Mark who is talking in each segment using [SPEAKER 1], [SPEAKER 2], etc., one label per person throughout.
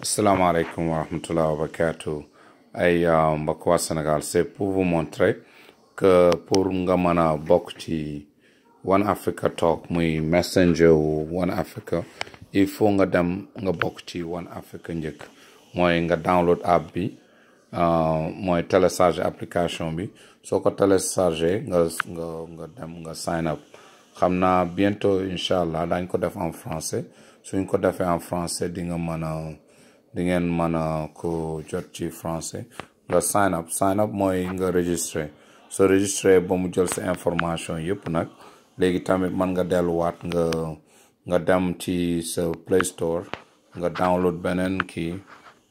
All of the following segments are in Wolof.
[SPEAKER 1] asalaamaaleykum wa rahmatulah ay mbokk waa Sénégal c'est pour vous montrer que pour nga mën a bokk ci One Africa Talk muy messenger wu One Africa il faut nga dem nga bokk ci One Africa njëkk mooy nga download app bi euh, mooy télécharge application bi soo ko téléchargé nga nga nga dem nga sign up xam naa bientôt incha allah dañ ko def en français suñ ko defee en français di nga mën a di ngeen mën a ko jot ci français wala sign up sign up mooy nga registré soo registré ba mu jël sa information yëpp nag léegi tamit mën nga delluwaat nga nga dem ci sa play store nga download beneen kii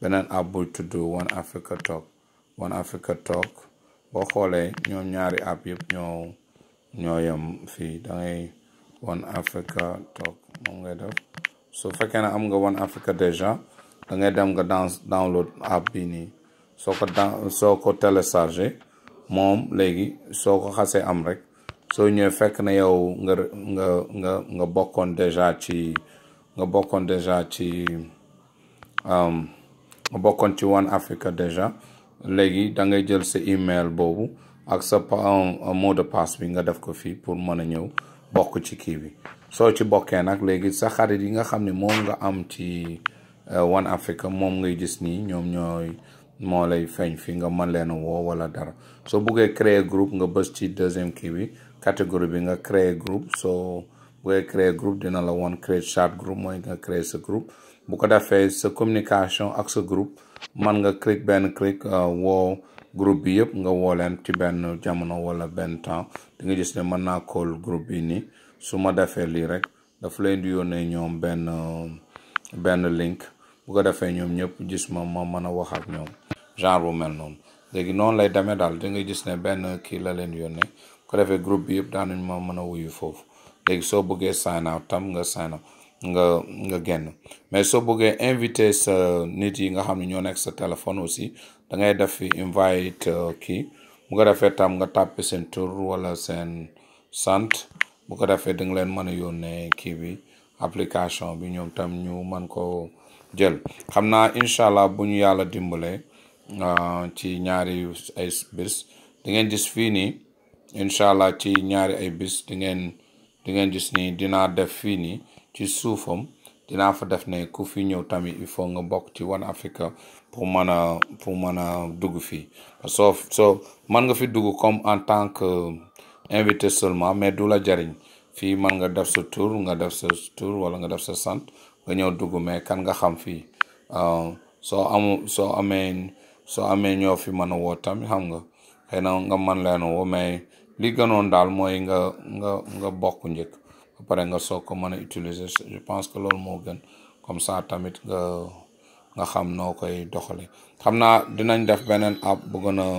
[SPEAKER 1] beneen app buy tudd One Africa Talk One Africa Talk boo xoolee ñoom ñaari app yëpp ñoo ñoo yem fii dangay One Africa Talk moom nga def su fekkee ne am nga One Africa déjà da ngay dem nga dans download app bi nii soo ko dans soo ko téléchargé moom léegi soo ko xasee am rek soo ñëwee fekk na yow nga nga nga bokkoon déjà ci nga bokkoon déjà ci nga bokkoon ci One Africa déjà léegi da ngay jël sa email boobu ak sa euh, mot de passe bi nga def ko fii pour mën a ñëw bokk ci kii bi soo ci bokkee nag léegi sa xarit yi nga xam ne moom nga am ci. Euh, One Africa moom ngay gis nii ñoom ñooy moo lay feeñ fi nga man leen woo wala dara soo buggee créer group nga bës ci deuxième kii bi catégorie bi nga créer groupe soo buggee créer groupe dina la woon créer chat group mooy nga créer sa group bu ko defee sa communication ak sa groupe man nga clic benn clic euh, woo groupe bi yëpp nga woo leen ci benn jamono wala benn temps di nga gis ne mën naa call group bi nii su ma defee lii rek daf leen di yónnee ñoom benn euh, benn link bu ko defee ñoom ñëpp gis ma ma mën a wax ak ñoom genre bu mel noonu léegi noonu lay demee daal da ngay gis ne benn kii la leen yónnee bu ko defee groupe bi yëpp daanuñ ma mën a wuyu foofu léegi soo buggee sign out tam nga sign out nga nga génn mais soo bëggee invité sa nit yi nga xam ne ñoo nekk sa téléphone aussi da ngay def fi invite euh, kii bu ko defee tam nga tàppe seen tur wala seen sant bu ko defee da nga leen mën a yónnee kii bi application bi ñoom tam ñu mën ko jël xam naa incha allah bu ñu yàlla dimbalee ah, ci ñaari ay bis di ngeen gis fii nii incha allah ci ñaari ay bis di ngeen di ngeen gis nii dinaa def fii nii ci suufam dinaa fa def ne ku fi ñëw tamit il faut nga bokk ci One Africa pour mën a pour mën a dugg fii soo soo mën nga fi dugg comme en tant que invité seulement mais du la jariñ fii mën nga def sa tour nga def sa tur wala nga def sa sant nga ñëw dugg mais kan nga xam fii euh, soo amu soo amee soo amee ñoo fi mën a woo tamit xam nga xëy na nga man leen woo mais li gënoon daal mooy nga nga nga bokk njëkk ba pare nga soog ko mën a utiliser je pense que loolu moo gën comme ça tamit nga nga xam noo koy doxale xam naa dinañ def beneen ab bu gën a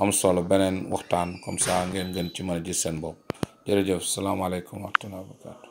[SPEAKER 1] am solo beneen waxtaan comme sa ngeen gën ci mën a gis seen bopp jërëjëf salaamaaleykum wa rahmatulah wa barakaatu